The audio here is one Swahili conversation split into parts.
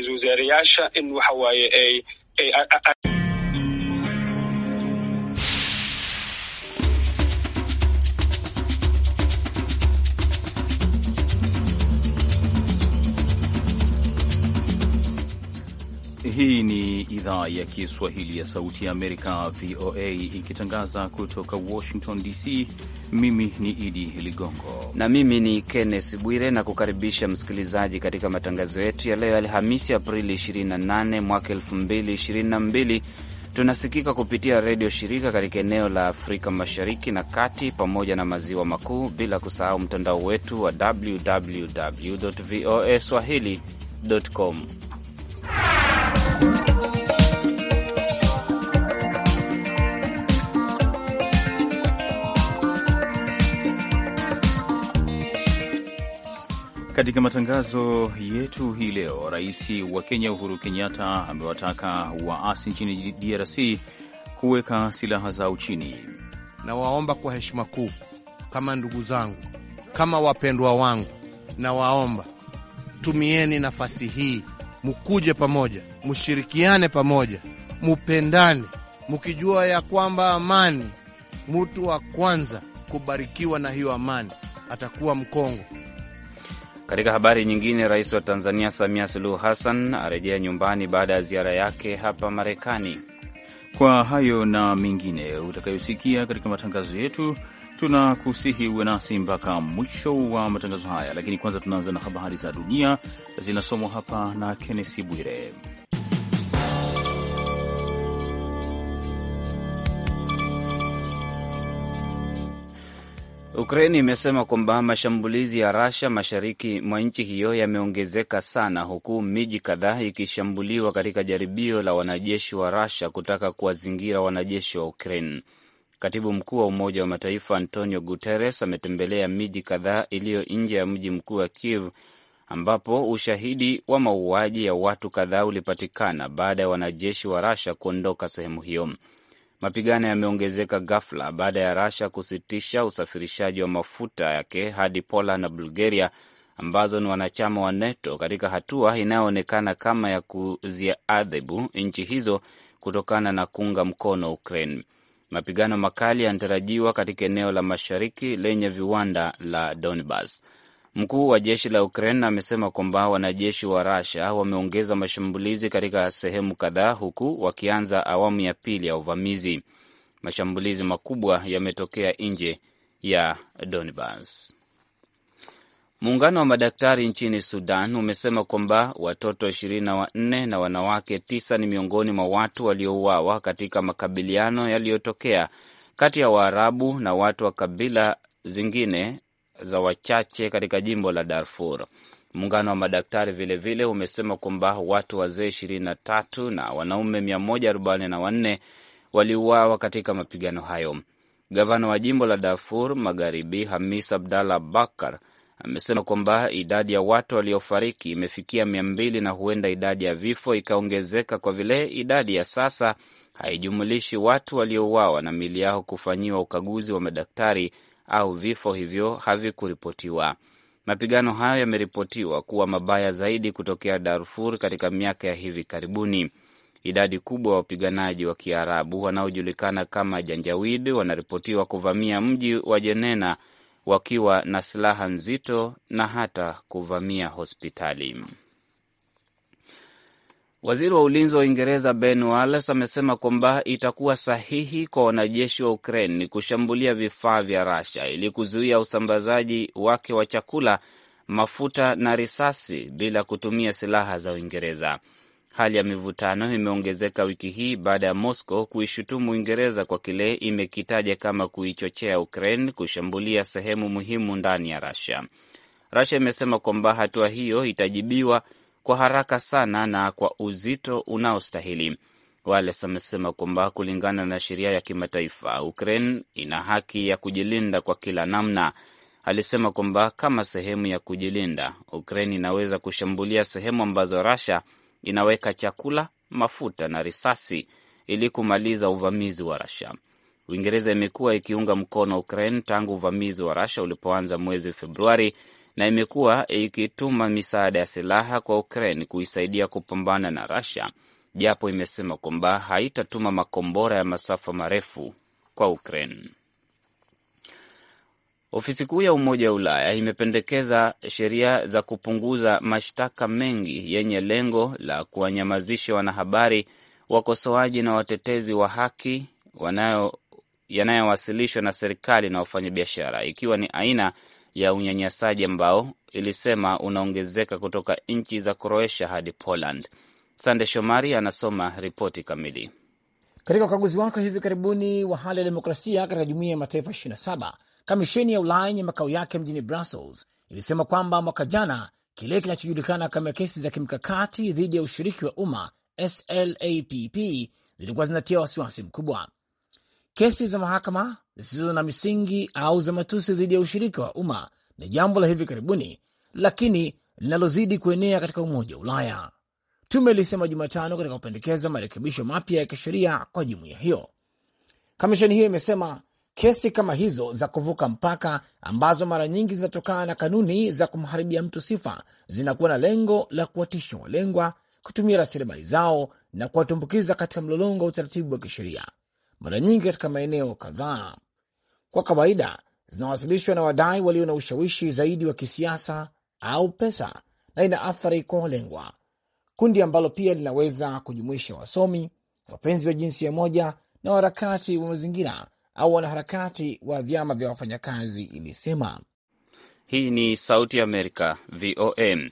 ra-iisul wasaarayaasha in waxa waaye ay Hii ni idhaa ya Kiswahili ya Sauti ya Amerika, VOA, ikitangaza kutoka Washington DC. Mimi ni Idi Ligongo na mimi ni Kenneth Bwire, na kukaribisha msikilizaji katika matangazo yetu ya leo Alhamisi, Aprili 28 mwaka 2022. Tunasikika kupitia redio shirika katika eneo la Afrika Mashariki na Kati pamoja na Maziwa Makuu, bila kusahau mtandao wetu wa www voa swahili.com. Katika matangazo yetu hii leo, rais wa Kenya Uhuru Kenyatta amewataka waasi nchini DRC kuweka silaha zao chini. Nawaomba kwa heshima kuu, kama ndugu zangu, kama wapendwa wangu, nawaomba tumieni nafasi hii, mukuje pamoja, mushirikiane pamoja, mupendane, mukijua ya kwamba amani, mutu wa kwanza kubarikiwa na hiyo amani atakuwa Mkongo. Katika habari nyingine, rais wa Tanzania Samia Suluhu Hassan arejea nyumbani baada ya ziara yake hapa Marekani. Kwa hayo na mengine utakayosikia katika matangazo yetu, tunakusihi uwe nasi mpaka mwisho wa matangazo haya, lakini kwanza tunaanza na habari za dunia zinasomwa hapa na Kennesi Bwire. Ukraini imesema kwamba mashambulizi ya Rasha mashariki mwa nchi hiyo yameongezeka sana, huku miji kadhaa ikishambuliwa katika jaribio la wanajeshi wa Rasha kutaka kuwazingira wanajeshi wa ukraine Katibu mkuu wa Umoja wa Mataifa Antonio Guterres ametembelea miji kadhaa iliyo nje ya mji mkuu wa Kiev ambapo ushahidi wa mauaji ya watu kadhaa ulipatikana baada ya wanajeshi wa Rasha kuondoka sehemu hiyo. Mapigano yameongezeka ghafla baada ya Rasha kusitisha usafirishaji wa mafuta yake hadi Poland na Bulgaria ambazo ni wanachama wa NATO katika hatua inayoonekana kama ya kuziadhibu nchi hizo kutokana na kuunga mkono Ukraine. Mapigano makali yanatarajiwa katika eneo la mashariki lenye viwanda la Donbas. Mkuu wa jeshi la Ukraine amesema kwamba wanajeshi wa rusia wameongeza mashambulizi katika sehemu kadhaa, huku wakianza awamu ya pili ya uvamizi. Mashambulizi makubwa yametokea nje ya Donbas. Muungano wa madaktari nchini Sudan umesema kwamba watoto 24 na wanne na wanawake 9 ni miongoni mwa watu waliouawa katika makabiliano yaliyotokea kati ya Waarabu na watu wa kabila zingine za wachache katika jimbo la Darfur. Muungano wa madaktari vilevile vile umesema kwamba watu wazee 23 na wanaume 144 waliuawa katika mapigano hayo. Gavana wa jimbo la Darfur Magharibi, Hamis Abdallah Bakar, amesema kwamba idadi ya watu waliofariki imefikia mia mbili na huenda idadi ya vifo ikaongezeka kwa vile idadi ya sasa haijumulishi watu waliouawa na mili yao kufanyiwa ukaguzi wa madaktari au vifo hivyo havikuripotiwa. Mapigano hayo yameripotiwa kuwa mabaya zaidi kutokea Darfur katika miaka ya hivi karibuni. Idadi kubwa ya wapiganaji wa Kiarabu wanaojulikana kama Janjawid wanaripotiwa kuvamia mji wa Jenena wakiwa na silaha nzito na hata kuvamia hospitali. Waziri wa ulinzi wa Uingereza Ben Wallace amesema kwamba itakuwa sahihi kwa wanajeshi wa Ukraine kushambulia vifaa vya Russia ili kuzuia usambazaji wake wa chakula, mafuta na risasi bila kutumia silaha za Uingereza. Hali ya mivutano imeongezeka wiki hii baada ya Moscow kuishutumu Uingereza kwa kile imekitaja kama kuichochea Ukraine kushambulia sehemu muhimu ndani ya rasia rasia imesema kwamba hatua hiyo itajibiwa kwa haraka sana na kwa uzito unaostahili. Wales amesema kwamba kulingana na sheria ya kimataifa, Ukraine ina haki ya kujilinda kwa kila namna. Alisema kwamba kama sehemu ya kujilinda, Ukraine inaweza kushambulia sehemu ambazo Russia inaweka chakula, mafuta na risasi ili kumaliza uvamizi wa Russia. Uingereza imekuwa ikiunga mkono Ukraine tangu uvamizi wa Russia ulipoanza mwezi Februari na imekuwa ikituma misaada ya silaha kwa Ukraine kuisaidia kupambana na Russia, japo imesema kwamba haitatuma makombora ya masafa marefu kwa Ukraine. Ofisi kuu ya Umoja wa Ulaya imependekeza sheria za kupunguza mashtaka mengi yenye lengo la kuwanyamazisha wanahabari, wakosoaji na watetezi wa haki yanayowasilishwa na serikali na wafanyabiashara, ikiwa ni aina ya unyanyasaji ambao ilisema unaongezeka kutoka nchi za croatia hadi Poland. Sande Shomari anasoma ripoti kamili. Katika ukaguzi wake hivi karibuni wa hali ya demokrasia katika jumuiya ya mataifa 27, kamisheni ya Ulaya yenye makao yake mjini Brussels ilisema kwamba mwaka jana kile kinachojulikana kama kesi za kimkakati dhidi ya ushiriki wa umma SLAPP zilikuwa zinatia wasiwasi mkubwa. Kesi za mahakama zisizo na misingi au za matusi dhidi ya ushirika wa umma ni jambo la hivi karibuni, lakini linalozidi kuenea katika Umoja wa Ulaya. Tume ilisema Jumatano katika kupendekeza marekebisho mapya ya kisheria kwa jumuiya hiyo. Kamisheni hiyo imesema kesi kama hizo za kuvuka mpaka ambazo mara nyingi zinatokana na kanuni za kumharibia mtu sifa zinakuwa na lengo la kuwatisha walengwa, kutumia rasilimali zao na kuwatumbukiza katika mlolongo wa utaratibu wa kisheria mara nyingi katika maeneo kadhaa. Kwa kawaida zinawasilishwa na wadai walio na ushawishi zaidi wa kisiasa au pesa, na ina athari kwa walengwa, kundi ambalo pia linaweza kujumuisha wasomi, wapenzi wa jinsia moja na waharakati wa mazingira au wanaharakati wa vyama vya wafanyakazi, ilisema. Hii ni Sauti ya Amerika, VOM.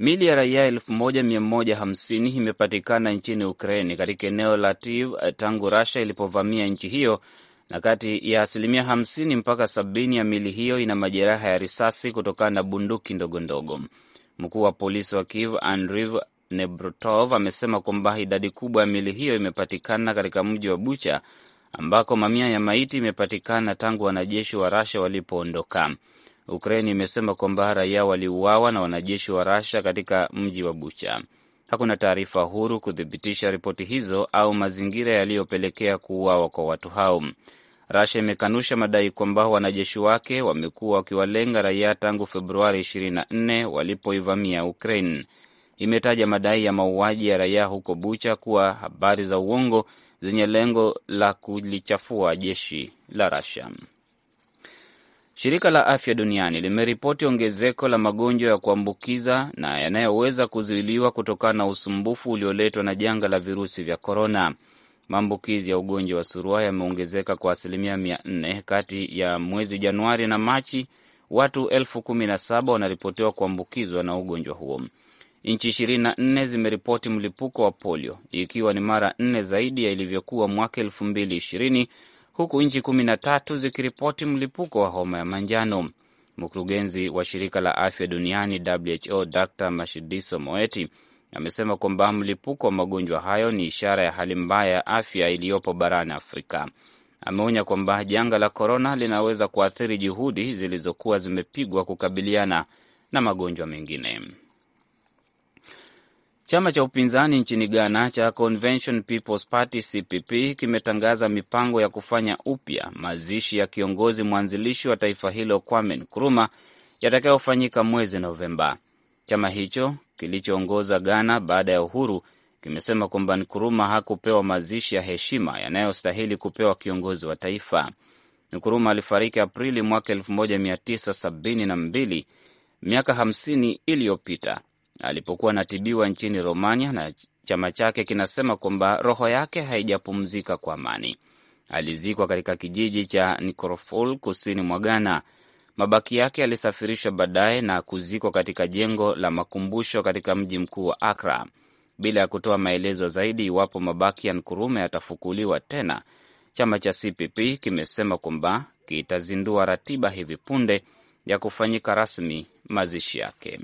Mili ya raia 1150 imepatikana nchini Ukraini katika eneo la Tiv eh, tangu rasha ilipovamia nchi hiyo, na kati ya asilimia 50 mpaka 70 ya mili hiyo ina majeraha ya risasi kutokana na bunduki ndogondogo. Mkuu wa polisi wa Kiev Andriy Nebrutov amesema kwamba idadi kubwa ya mili hiyo imepatikana katika mji wa Bucha ambako mamia ya maiti imepatikana tangu wanajeshi wa rasha walipoondoka. Ukraini imesema kwamba raia waliuawa na wanajeshi wa Rasha katika mji wa Bucha. Hakuna taarifa huru kuthibitisha ripoti hizo au mazingira yaliyopelekea kuuawa kwa watu hao. Rasha imekanusha madai kwamba wanajeshi wake wamekuwa wakiwalenga raia tangu Februari 24 walipoivamia Ukraine. Imetaja madai ya mauaji ya raia huko Bucha kuwa habari za uongo zenye lengo la kulichafua jeshi la Rasha. Shirika la Afya Duniani limeripoti ongezeko la magonjwa ya kuambukiza na yanayoweza kuzuiliwa kutokana na usumbufu ulioletwa na janga la virusi vya korona. Maambukizi ya ugonjwa wa surua yameongezeka kwa asilimia mia nne kati ya mwezi Januari na Machi. Watu elfu kumi na saba wanaripotiwa kuambukizwa na ugonjwa huo. Nchi ishirini na nne zimeripoti mlipuko wa polio, ikiwa ni mara nne zaidi ya ilivyokuwa mwaka elfu mbili ishirini huku nchi kumi na tatu zikiripoti mlipuko wa homa ya manjano. Mkurugenzi wa shirika la afya duniani WHO Dr Mashidiso Moeti amesema kwamba mlipuko wa magonjwa hayo ni ishara ya hali mbaya ya afya iliyopo barani Afrika. Ameonya kwamba janga la korona linaweza kuathiri juhudi zilizokuwa zimepigwa kukabiliana na magonjwa mengine. Chama cha upinzani nchini Ghana cha Convention People's Party CPP kimetangaza mipango ya kufanya upya mazishi ya kiongozi mwanzilishi wa taifa hilo Kwame Nkrumah yatakayofanyika mwezi Novemba. Chama hicho kilichoongoza Ghana baada ya uhuru kimesema kwamba Nkuruma hakupewa mazishi ya heshima yanayostahili kupewa kiongozi wa taifa. Nkuruma alifariki Aprili mwaka 1972 miaka 50 iliyopita alipokuwa anatibiwa nchini Romania, na chama chake kinasema kwamba roho yake haijapumzika kwa amani. Alizikwa katika kijiji cha Nicoroful kusini mwa Ghana. Mabaki yake yalisafirishwa baadaye na kuzikwa katika jengo la makumbusho katika mji mkuu wa Akra, bila ya kutoa maelezo zaidi iwapo mabaki ya Nkurume yatafukuliwa tena. Chama cha CPP kimesema kwamba kitazindua ratiba hivi punde ya kufanyika rasmi mazishi yake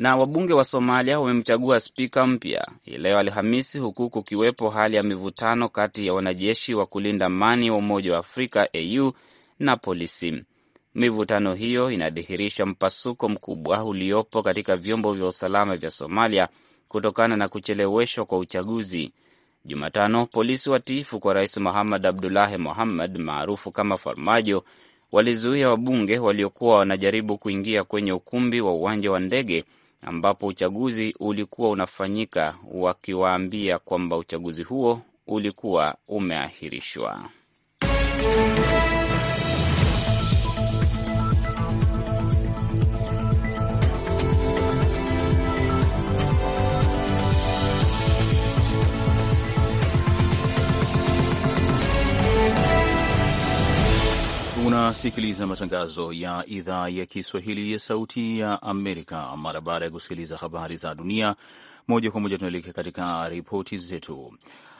na wabunge wa Somalia wamemchagua spika mpya hii leo Alhamisi, huku kukiwepo hali ya mivutano kati ya wanajeshi wa kulinda amani wa Umoja wa Afrika au na polisi. Mivutano hiyo inadhihirisha mpasuko mkubwa uliopo katika vyombo vya usalama vya Somalia kutokana na kucheleweshwa kwa uchaguzi. Jumatano, polisi watiifu kwa Rais muhamad abdulahi Muhammad maarufu kama Farmajo walizuia wabunge waliokuwa wanajaribu kuingia kwenye ukumbi wa uwanja wa ndege ambapo uchaguzi ulikuwa unafanyika, wakiwaambia kwamba uchaguzi huo ulikuwa umeahirishwa. Unasikiliza matangazo ya idhaa ya Kiswahili ya Sauti ya Amerika. Mara baada ya kusikiliza habari za dunia moja kwa moja, tunaelekea katika ripoti zetu.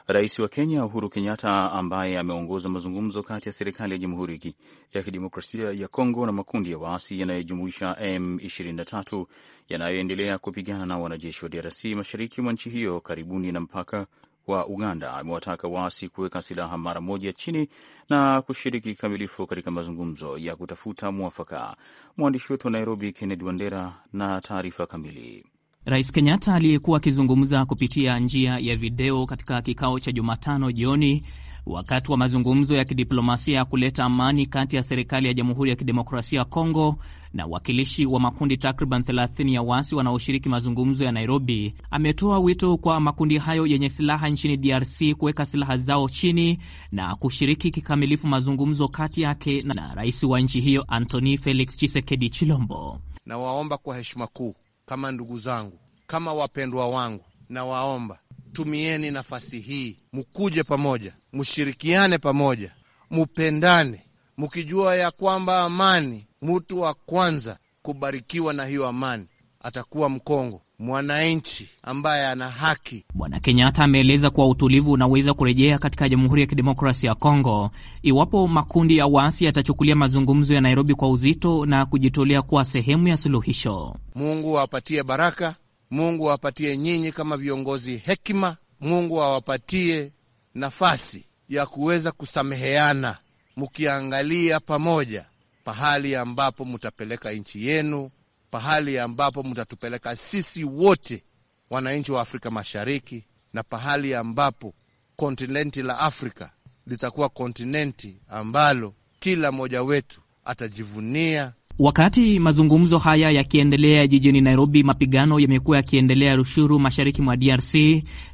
Rais wa Kenya Uhuru Kenyatta, ambaye ameongoza mazungumzo kati ya serikali ya Jamhuri ya Kidemokrasia ya Kongo na makundi ya waasi yanayojumuisha M23 yanayoendelea kupigana na wanajeshi wa DRC mashariki mwa nchi hiyo karibuni na mpaka wa Uganda amewataka waasi kuweka silaha mara moja chini na kushiriki kikamilifu katika mazungumzo ya kutafuta mwafaka. Mwandishi wetu wa Nairobi, Kennedy Wandera, na taarifa kamili. Rais Kenyatta aliyekuwa akizungumza kupitia njia ya video katika kikao cha Jumatano jioni wakati wa mazungumzo ya kidiplomasia ya kuleta amani kati ya serikali ya Jamhuri ya Kidemokrasia ya Kongo na wakilishi wa makundi takriban 30 ya waasi wanaoshiriki mazungumzo ya Nairobi, ametoa wito kwa makundi hayo yenye silaha nchini DRC kuweka silaha zao chini na kushiriki kikamilifu mazungumzo kati yake na rais wa nchi hiyo Antoni Felix Chisekedi Chilombo. Nawaomba kwa heshima kuu, kama ndugu zangu, kama wapendwa wangu, nawaomba tumieni nafasi hii, mukuje pamoja, mushirikiane pamoja, mupendane, mukijua ya kwamba amani, mutu wa kwanza kubarikiwa na hiyo amani atakuwa Mkongo mwananchi ambaye ana haki. Bwana Kenyatta ameeleza kuwa utulivu unaweza kurejea katika Jamhuri ya Kidemokrasia ya Kongo iwapo makundi ya waasi yatachukulia mazungumzo ya Nairobi kwa uzito na kujitolea kuwa sehemu ya suluhisho. Mungu awapatie baraka Mungu awapatie nyinyi kama viongozi hekima. Mungu awapatie nafasi ya kuweza kusameheana, mkiangalia pamoja pahali ambapo mtapeleka nchi yenu, pahali ambapo mtatupeleka sisi wote wananchi wa Afrika Mashariki, na pahali ambapo kontinenti la Afrika litakuwa kontinenti ambalo kila mmoja wetu atajivunia Wakati mazungumzo haya yakiendelea jijini Nairobi, mapigano yamekuwa yakiendelea Rushuru, mashariki mwa DRC,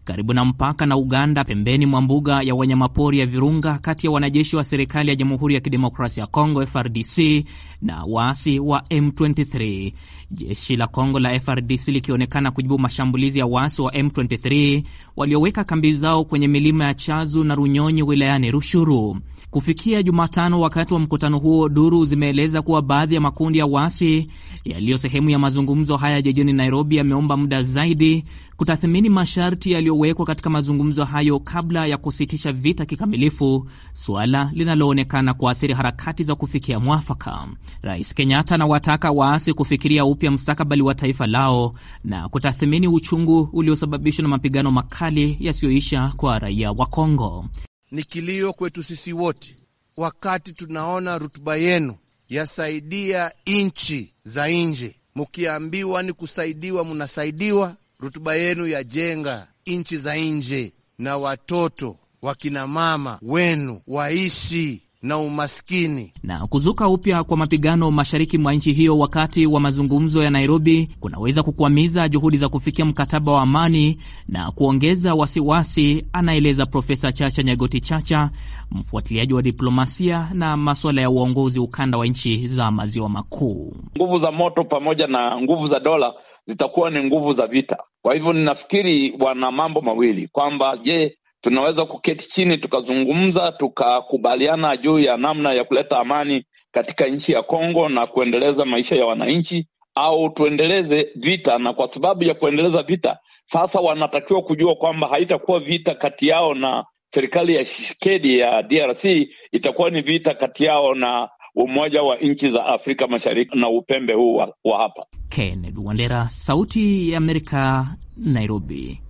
karibu na mpaka na Uganda, pembeni mwa mbuga ya wanyamapori ya Virunga, kati ya wanajeshi wa serikali ya Jamhuri ya Kidemokrasia ya Kongo, FRDC, na waasi wa M23, jeshi la Kongo la FRDC likionekana kujibu mashambulizi ya waasi wa M23 walioweka kambi zao kwenye milima ya Chazu na Runyonyi wilayani Rushuru. Kufikia Jumatano, wakati wa mkutano huo, duru zimeeleza kuwa baadhi ya makundi ya waasi yaliyo sehemu ya mazungumzo haya jijini Nairobi yameomba muda zaidi kutathmini masharti yaliyowekwa katika mazungumzo hayo kabla ya kusitisha vita kikamilifu, suala linaloonekana kuathiri harakati za kufikia mwafaka. Rais Kenyatta anawataka waasi kufikiria upya mstakabali wa taifa lao na kutathmini uchungu uliosababishwa na mapigano makali yasiyoisha kwa raia wa Kongo ni kilio kwetu sisi wote, wakati tunaona rutuba yenu yasaidia nchi za nje. Mukiambiwa ni kusaidiwa, munasaidiwa. Rutuba yenu yajenga nchi za nje, na watoto wakinamama wenu waishi na umaskini. Na kuzuka upya kwa mapigano mashariki mwa nchi hiyo wakati wa mazungumzo ya Nairobi kunaweza kukwamiza juhudi za kufikia mkataba wa amani na kuongeza wasiwasi, anaeleza Profesa Chacha Nyagoti Chacha, mfuatiliaji wa diplomasia na masuala ya uongozi ukanda wa nchi za maziwa makuu. Nguvu za moto pamoja na nguvu za dola zitakuwa ni nguvu za vita. Kwa hivyo ninafikiri wana mambo mawili kwamba, je, tunaweza kuketi chini tukazungumza tukakubaliana juu ya namna ya kuleta amani katika nchi ya Kongo na kuendeleza maisha ya wananchi, au tuendeleze vita. Na kwa sababu ya kuendeleza vita, sasa wanatakiwa kujua kwamba haitakuwa vita kati yao na serikali ya Tshisekedi ya DRC, itakuwa ni vita kati yao na Umoja wa Nchi za Afrika Mashariki na upembe huu wa, wa hapa. Kennedy Wandera, Sauti ya Amerika, Nairobi.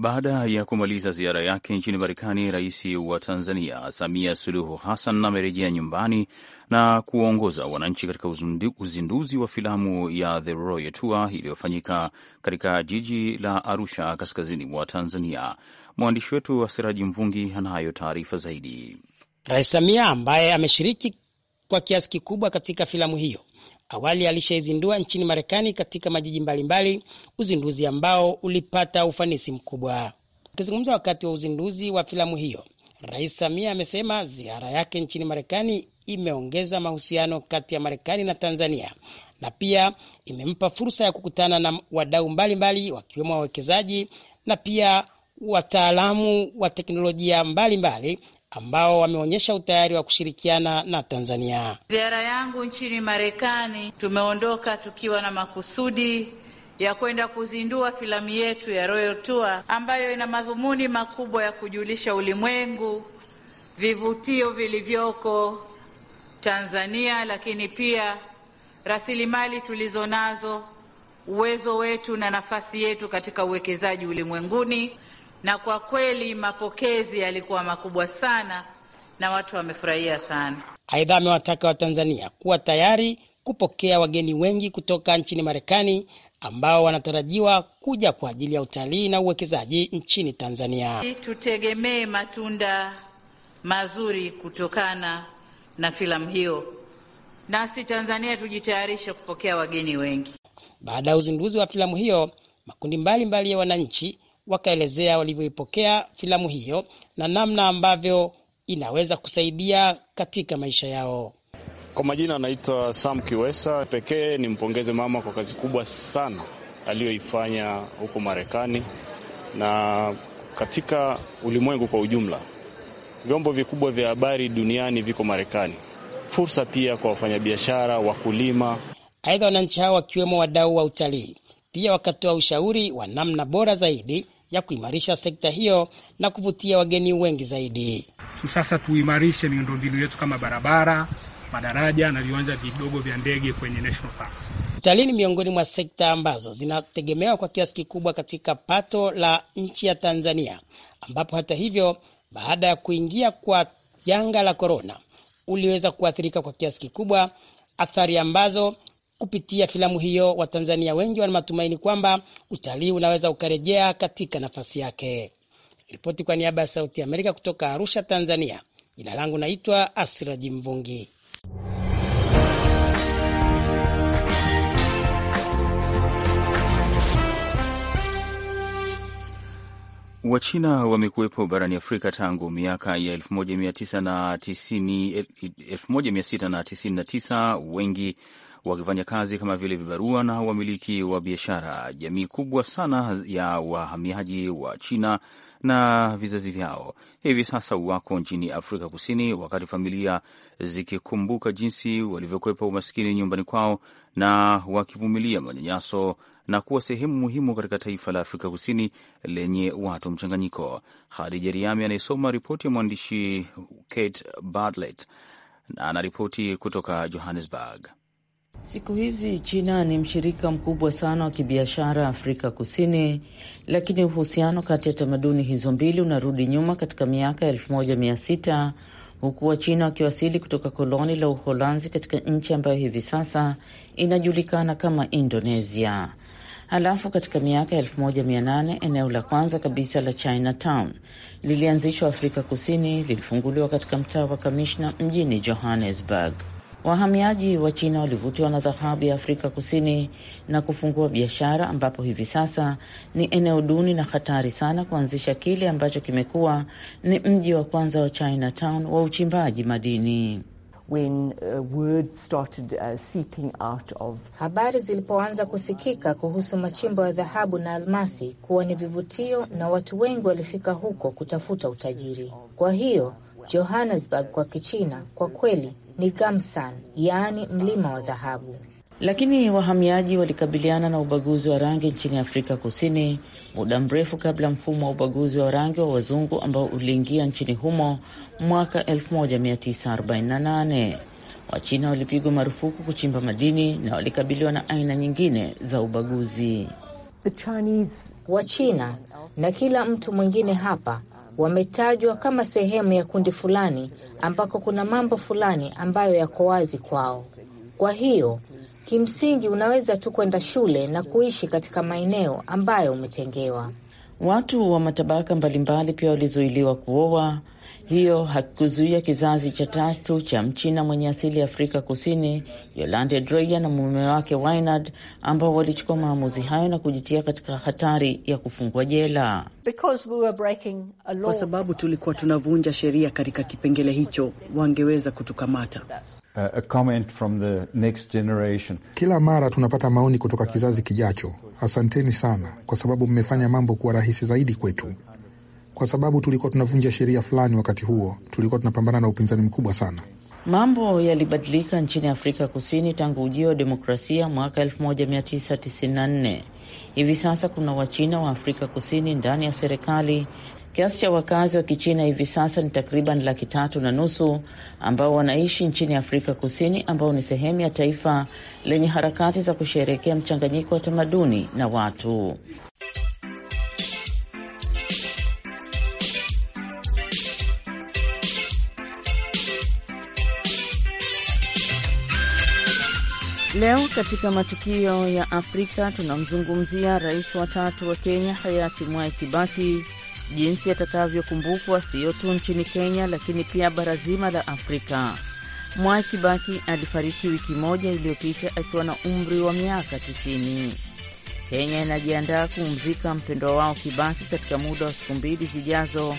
Baada ya kumaliza ziara yake nchini Marekani, rais wa Tanzania Samia Suluhu Hassan amerejea nyumbani na kuongoza wananchi katika uzinduzi wa filamu ya The Royal Tour iliyofanyika katika jiji la Arusha, kaskazini mwa Tanzania. Mwandishi wetu wa Mvungi anayo taarifa zaidi. Rais Samia ambaye ameshiriki kwa kiasi kikubwa katika filamu hiyo Awali alishaizindua nchini Marekani katika majiji mbalimbali, uzinduzi ambao ulipata ufanisi mkubwa. Akizungumza wakati wa uzinduzi wa filamu hiyo, Rais Samia amesema ziara yake nchini Marekani imeongeza mahusiano kati ya Marekani na Tanzania na pia imempa fursa ya kukutana na wadau mbalimbali wakiwemo wawekezaji na pia wataalamu wa teknolojia mbalimbali ambao wameonyesha utayari wa kushirikiana na Tanzania. Ziara yangu nchini Marekani, tumeondoka tukiwa na makusudi ya kwenda kuzindua filamu yetu ya Royal Tour ambayo ina madhumuni makubwa ya kujulisha ulimwengu vivutio vilivyoko Tanzania, lakini pia rasilimali tulizo nazo, uwezo wetu na nafasi yetu katika uwekezaji ulimwenguni na kwa kweli mapokezi yalikuwa makubwa sana na watu wamefurahia sana. Aidha, amewataka Watanzania kuwa tayari kupokea wageni wengi kutoka nchini Marekani ambao wanatarajiwa kuja kwa ajili ya utalii na uwekezaji nchini Tanzania. Tutegemee matunda mazuri kutokana na filamu hiyo, nasi Tanzania tujitayarishe kupokea wageni wengi. Baada ya uzinduzi wa filamu hiyo, makundi mbalimbali mbali ya wananchi wakaelezea walivyoipokea filamu hiyo na namna ambavyo inaweza kusaidia katika maisha yao. Kwa majina anaitwa Sam Kiwesa. Pekee nimpongeze mama kwa kazi kubwa sana aliyoifanya huko Marekani na katika ulimwengu kwa ujumla. Vyombo vikubwa vya habari duniani viko Marekani, fursa pia kwa wafanyabiashara, wakulima. Aidha, wananchi hao wakiwemo wadau wa utalii pia wakatoa ushauri wa namna bora zaidi ya kuimarisha sekta hiyo na kuvutia wageni wengi zaidi. Sasa tuimarishe miundombinu yetu kama barabara, madaraja na viwanja vidogo vya ndege kwenye national parks. Utalii ni miongoni mwa sekta ambazo zinategemewa kwa kiasi kikubwa katika pato la nchi ya Tanzania, ambapo hata hivyo, baada ya kuingia kwa janga la korona uliweza kuathirika kwa kiasi kikubwa, athari ambazo Kupitia filamu hiyo, Watanzania wengi wana matumaini kwamba utalii unaweza ukarejea katika nafasi yake. Ripoti kwa niaba ya Sauti ya Amerika kutoka Arusha, Tanzania. Jina langu naitwa asiraji Mvungi. Wachina wamekuwepo barani Afrika tangu miaka ya 1699 wengi wakifanya kazi kama vile vibarua na wamiliki wa biashara. Jamii kubwa sana ya wahamiaji wa China na vizazi vyao hivi sasa wako nchini Afrika Kusini, wakati familia zikikumbuka jinsi walivyokwepa umaskini nyumbani kwao na wakivumilia manyanyaso na kuwa sehemu muhimu katika taifa la Afrika Kusini lenye watu mchanganyiko. Hadija Riami anayesoma ripoti ya mwandishi Kate Bartlett na anaripoti kutoka Johannesburg. Siku hizi China ni mshirika mkubwa sana wa kibiashara Afrika Kusini, lakini uhusiano kati ya tamaduni hizo mbili unarudi nyuma katika miaka elfu moja mia sita huku Wachina wakiwasili kutoka koloni la Uholanzi katika nchi ambayo hivi sasa inajulikana kama Indonesia. Halafu katika miaka elfu moja mia nane eneo la kwanza kabisa la Chinatown lilianzishwa Afrika Kusini, lilifunguliwa katika mtaa wa Kamishna mjini Johannesburg. Wahamiaji wa China walivutiwa na dhahabu ya Afrika Kusini na kufungua biashara, ambapo hivi sasa ni eneo duni na hatari sana kuanzisha kile ambacho kimekuwa ni mji wa kwanza wa Chinatown wa uchimbaji madini. When, uh, word started, uh, seeping out of... habari zilipoanza kusikika kuhusu machimbo ya dhahabu na almasi kuwa ni vivutio na watu wengi walifika huko kutafuta utajiri. Kwa hiyo Johannesburg kwa Kichina kwa kweli ni Gamsan, yaani mlima wa dhahabu. Lakini wahamiaji walikabiliana na ubaguzi wa rangi nchini Afrika Kusini muda mrefu kabla mfumo wa ubaguzi wa rangi wa wazungu ambao uliingia nchini humo mwaka 1948. Wachina walipigwa marufuku kuchimba madini na walikabiliwa na aina nyingine za ubaguzi. Wachina na kila mtu mwingine hapa wametajwa kama sehemu ya kundi fulani ambako kuna mambo fulani ambayo yako wazi kwao. Kwa hiyo kimsingi unaweza tu kwenda shule na kuishi katika maeneo ambayo umetengewa. Watu wa matabaka mbalimbali pia walizuiliwa kuoa hiyo hakuzuia kizazi cha tatu cha Mchina mwenye asili ya Afrika Kusini, Yolande Dreya na mume wake Wynard, ambao walichukua maamuzi hayo na kujitia katika hatari ya kufungwa jela we kwa sababu tulikuwa tunavunja sheria katika kipengele hicho, wangeweza kutukamata. Uh, Kila mara tunapata maoni kutoka kizazi kijacho, asanteni sana kwa sababu mmefanya mambo kuwa rahisi zaidi kwetu kwa sababu tulikuwa tunavunja sheria fulani. Wakati huo tulikuwa tunapambana na upinzani mkubwa sana. Mambo yalibadilika nchini Afrika Kusini tangu ujio wa demokrasia mwaka 1994. Hivi sasa kuna Wachina wa Afrika Kusini ndani ya serikali. Kiasi cha wakazi wa Kichina hivi sasa ni takriban laki tatu na nusu ambao wanaishi nchini Afrika Kusini, ambao ni sehemu ya taifa lenye harakati za kusherehekea mchanganyiko wa tamaduni na watu. Leo katika matukio ya Afrika tunamzungumzia rais wa tatu wa Kenya hayati Mwai Kibaki, jinsi atakavyokumbukwa siyo tu nchini Kenya, lakini pia bara zima la Afrika. Mwai Kibaki alifariki wiki moja iliyopita akiwa na umri wa miaka 90. Kenya inajiandaa kumzika mpendwa wao Kibaki katika muda wa siku mbili zijazo,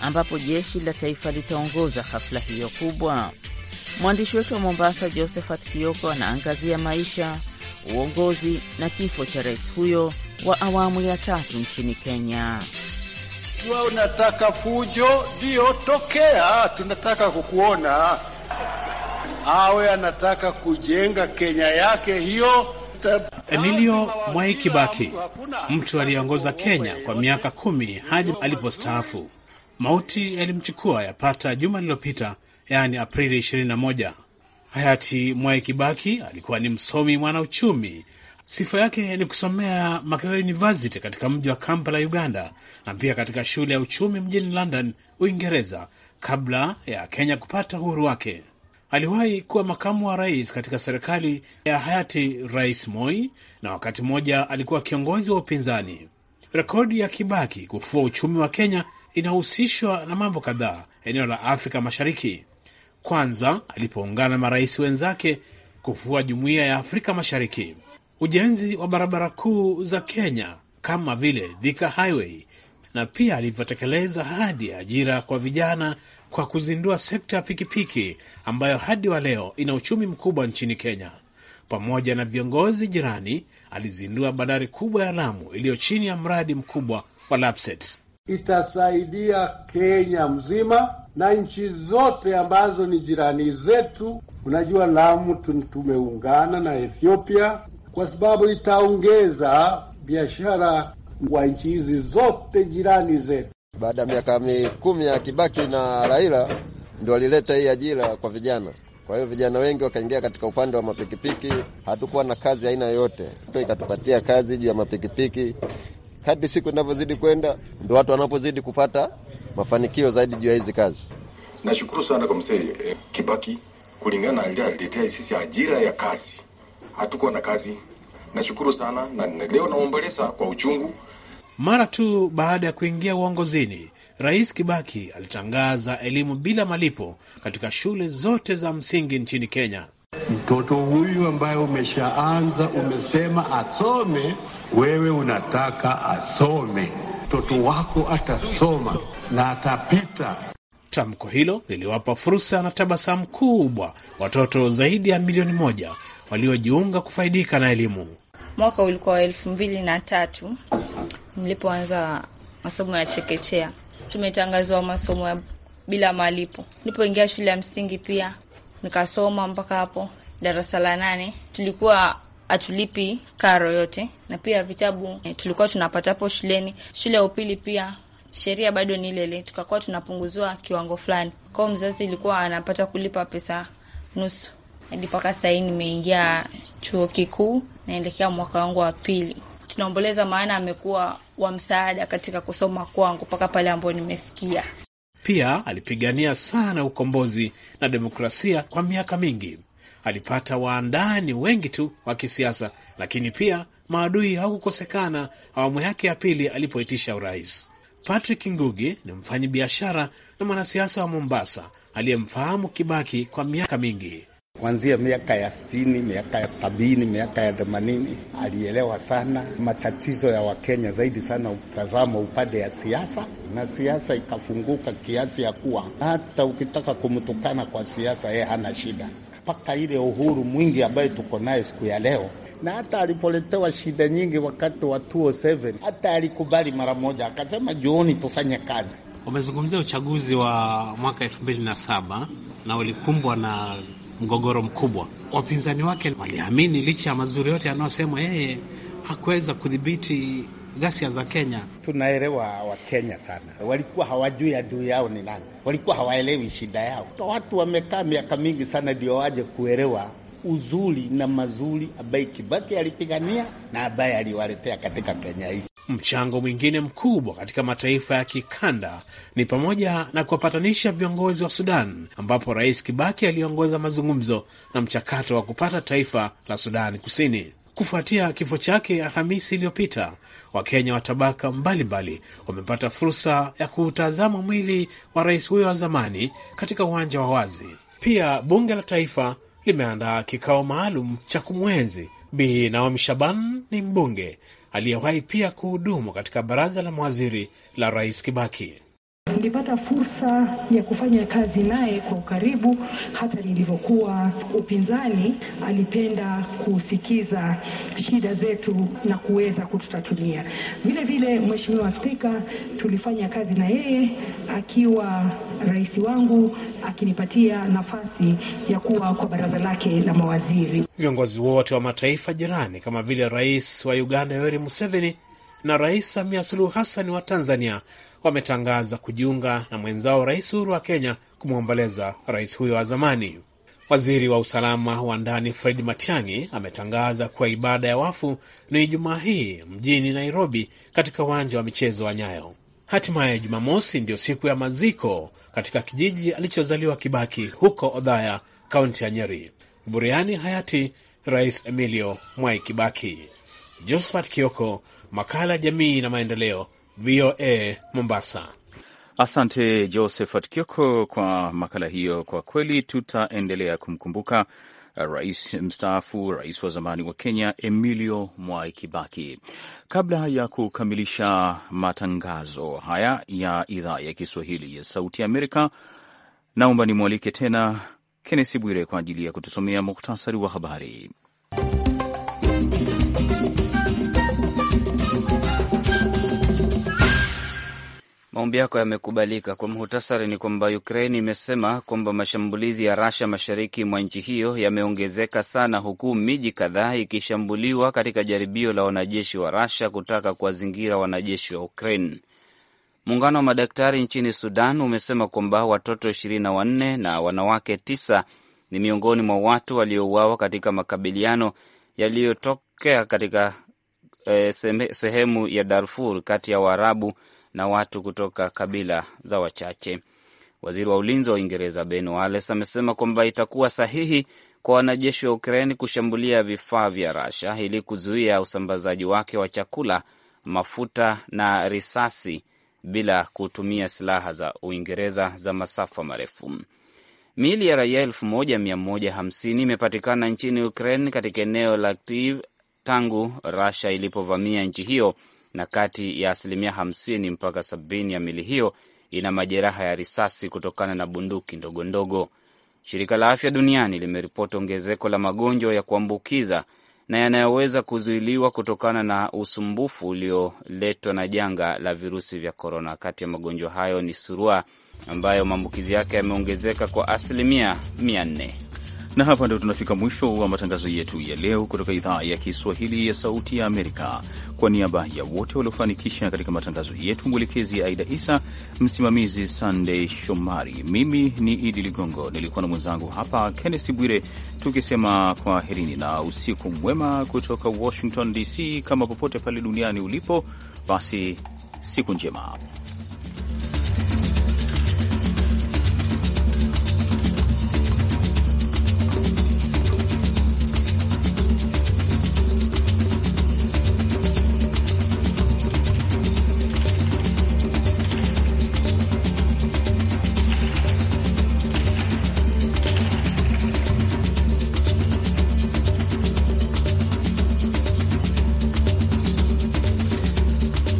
ambapo jeshi la taifa litaongoza hafla hiyo kubwa. Mwandishi wetu wa Mombasa, Josephat Kioko, anaangazia maisha, uongozi na kifo cha rais huyo wa awamu ya tatu nchini Kenya. Ikiwa unataka fujo, ndiyo tokea, tunataka kukuona. Awe anataka kujenga Kenya yake hiyo. Emilio Mwai Kibaki, mtu aliyeongoza Kenya kwa miaka kumi hadi alipostaafu. Mauti yalimchukua yapata juma lililopita yaani Aprili 21. Hayati Mwai Kibaki alikuwa ni msomi, mwanauchumi. Sifa yake ni kusomea Makerere University katika mji wa Kampala, Uganda, na pia katika shule ya uchumi mjini London, Uingereza, kabla ya Kenya kupata uhuru wake. Aliwahi kuwa makamu wa rais katika serikali ya hayati Rais Moi, na wakati mmoja alikuwa kiongozi wa upinzani. Rekodi ya Kibaki kufua uchumi wa Kenya inahusishwa na mambo kadhaa: eneo la Afrika Mashariki, kwanza alipoungana na marais wenzake kufufua jumuiya ya Afrika Mashariki. Ujenzi wa barabara kuu za Kenya kama vile Thika Highway na pia alivyotekeleza hadi ya ajira kwa vijana kwa kuzindua sekta ya pikipiki ambayo hadi wa leo ina uchumi mkubwa nchini Kenya. Pamoja na viongozi jirani, alizindua bandari kubwa ya Lamu iliyo chini ya mradi mkubwa wa Lapset. Itasaidia Kenya mzima na nchi zote ambazo ni jirani zetu. Unajua, Lamu tumeungana na Ethiopia kwa sababu itaongeza biashara wa nchi hizi zote jirani zetu. Baada ya miaka mikumi ya Kibaki na Raila ndo alileta hii ajira kwa vijana. Kwa hiyo vijana wengi wakaingia katika upande wa mapikipiki. Hatukuwa na kazi aina yoyote, ikatupatia kazi juu ya mapikipiki. Kadri siku inavyozidi kwenda, ndo watu wanapozidi kupata mafanikio zaidi juu ya hizi kazi. Nashukuru sana kwa mzee eh, Kibaki kulingana na aliletea sisi ajira ya kazi, hatuko na kazi. Nashukuru sana na leo naomboleza kwa uchungu. Mara tu baada ya kuingia uongozini, Rais Kibaki alitangaza elimu bila malipo katika shule zote za msingi nchini Kenya. Mtoto huyu ambaye umeshaanza umesema asome, wewe unataka asome mtoto wako atasoma na atapita. Tamko hilo liliwapa fursa na tabasamu kubwa watoto zaidi ya milioni moja waliojiunga kufaidika na elimu. Mwaka ulikuwa wa elfu mbili na tatu nilipoanza masomo ya chekechea, tumetangazwa masomo ya bila malipo. Nilipoingia shule ya msingi pia nikasoma mpaka hapo darasa la nane. Tulikuwa hatulipi karo yote, na pia vitabu eh, tulikuwa tunapata hapo shuleni. Shule ya upili pia sheria bado ni ile ile, tukakuwa tunapunguziwa kiwango fulani, kwao mzazi ilikuwa anapata kulipa pesa nusu, hadi mpaka sahii nimeingia chuo kikuu, naelekea mwaka wangu wa pili. Tunaomboleza maana amekuwa wa msaada katika kusoma kwangu mpaka pale ambapo nimefikia. Pia alipigania sana ukombozi na demokrasia kwa miaka mingi alipata waandani wengi tu wa kisiasa, lakini pia maadui hawakukosekana awamu yake ya pili alipoitisha urais. Patrick Ngugi ni biashara na mwanasiasa wa Mombasa aliyemfahamu Kibaki kwa miaka mingi kuanzia miaka ya sitini, miaka ya sabini, miaka ya themanini. Alielewa sana matatizo ya Wakenya, zaidi sana utazama upande ya siasa, na siasa ikafunguka kiasi ya kuwa hata ukitaka kumtukana kwa siasa, yeye hana shida mpaka ile uhuru mwingi ambayo tuko naye siku ya leo na hata alipoletewa shida nyingi wakati wa 2007 hata alikubali mara moja, akasema jioni tufanye kazi. Umezungumzia uchaguzi wa mwaka 2007 na ulikumbwa na mgogoro mkubwa. Wapinzani wake waliamini licha ya mazuri yote yanayosemwa yeye hakuweza kudhibiti ghasia za Kenya. Tunaelewa Wakenya sana, walikuwa hawajui adui yao ni nani, walikuwa hawaelewi shida yao. Watu wamekaa miaka mingi sana ndio waje kuelewa uzuri na mazuri ambaye Kibaki alipigania na ambaye aliwaletea katika Kenya hii. Mchango mwingine mkubwa katika mataifa ya kikanda ni pamoja na kuwapatanisha viongozi wa Sudan, ambapo Rais Kibaki aliongoza mazungumzo na mchakato wa kupata taifa la Sudani Kusini kufuatia kifo chake Alhamisi iliyopita. Wakenya wa tabaka mbalimbali wamepata fursa ya kuutazama mwili wa rais huyo wa zamani katika uwanja wa wazi. Pia bunge la taifa limeandaa kikao maalum cha kumwenzi Bi Naomi Shaban. Ni mbunge aliyewahi pia kuhudumu katika baraza la mawaziri la Rais Kibaki nilipata fursa ya kufanya kazi naye kwa ukaribu. Hata nilivyokuwa upinzani, alipenda kusikiza shida zetu na kuweza kututatulia. Vile vile, Mheshimiwa Spika, tulifanya kazi na yeye akiwa rais wangu, akinipatia nafasi ya kuwa kwa baraza lake la mawaziri. Viongozi wote wa mataifa jirani kama vile rais wa Uganda Yoweri Museveni na rais Samia Suluhu Hassan wa Tanzania wametangaza kujiunga na mwenzao Rais Uhuru wa Kenya kumwomboleza rais huyo wa zamani. Waziri wa usalama wa ndani Fred Matiang'i ametangaza kuwa ibada ya wafu ni Ijumaa hii mjini Nairobi, katika uwanja wa michezo wa Nyayo. Hatimaye Jumamosi ndiyo siku ya maziko katika kijiji alichozaliwa Kibaki huko Odhaya, kaunti ya Nyeri. Buriani hayati Rais Emilio Mwai Kibaki. Josephat Kioko, makala ya jamii na maendeleo. VOA Mombasa. Asante Josephat Kioko kwa makala hiyo. Kwa kweli tutaendelea kumkumbuka uh, rais mstaafu, rais wa zamani wa Kenya Emilio Mwai Kibaki. Kabla ya kukamilisha matangazo haya ya idhaa ya Kiswahili ya Sauti ya Amerika, naomba nimwalike tena Kennesi Bwire kwa ajili ya kutusomea muhtasari wa habari. Maombi yako yamekubalika. Kwa muhtasari, ni kwamba Ukraine imesema kwamba mashambulizi ya Russia mashariki mwa nchi hiyo yameongezeka sana, huku miji kadhaa ikishambuliwa katika jaribio la wanajeshi wa Russia kutaka kuwazingira wanajeshi wa Ukraine. Muungano wa madaktari nchini Sudan umesema kwamba watoto 24 na wanawake 9 ni miongoni mwa watu waliouawa katika makabiliano yaliyotokea katika eh, sehemu ya Darfur kati ya Waarabu na watu kutoka kabila za wachache. Waziri wa ulinzi wa Uingereza Ben Wallace amesema kwamba itakuwa sahihi kwa wanajeshi wa ukrain kushambulia vifaa vya Rasha ili kuzuia usambazaji wake wa chakula, mafuta na risasi bila kutumia silaha za Uingereza za masafa marefu. Miili ya raia 1150 imepatikana nchini Ukraine katika eneo la Kiev tangu Russia ilipovamia nchi hiyo na kati ya asilimia 50 mpaka 70 ya mili hiyo ina majeraha ya risasi kutokana na bunduki ndogo ndogo. Shirika la Afya Duniani limeripoti ongezeko la magonjwa ya kuambukiza na yanayoweza kuzuiliwa kutokana na usumbufu ulioletwa na janga la virusi vya korona. Kati ya magonjwa hayo ni surua ambayo maambukizi yake yameongezeka kwa asilimia 400. Na hapa ndio tunafika mwisho wa matangazo yetu ya leo kutoka idhaa ya Kiswahili ya Sauti ya Amerika. Kwa niaba ya wote waliofanikisha katika matangazo yetu, mwelekezi ya Aida Isa, msimamizi Sandey Shomari, mimi ni Idi Ligongo nilikuwa na mwenzangu hapa Kennesi Bwire, tukisema kwa herini na usiku mwema kutoka Washington DC. Kama popote pale duniani ulipo, basi siku njema.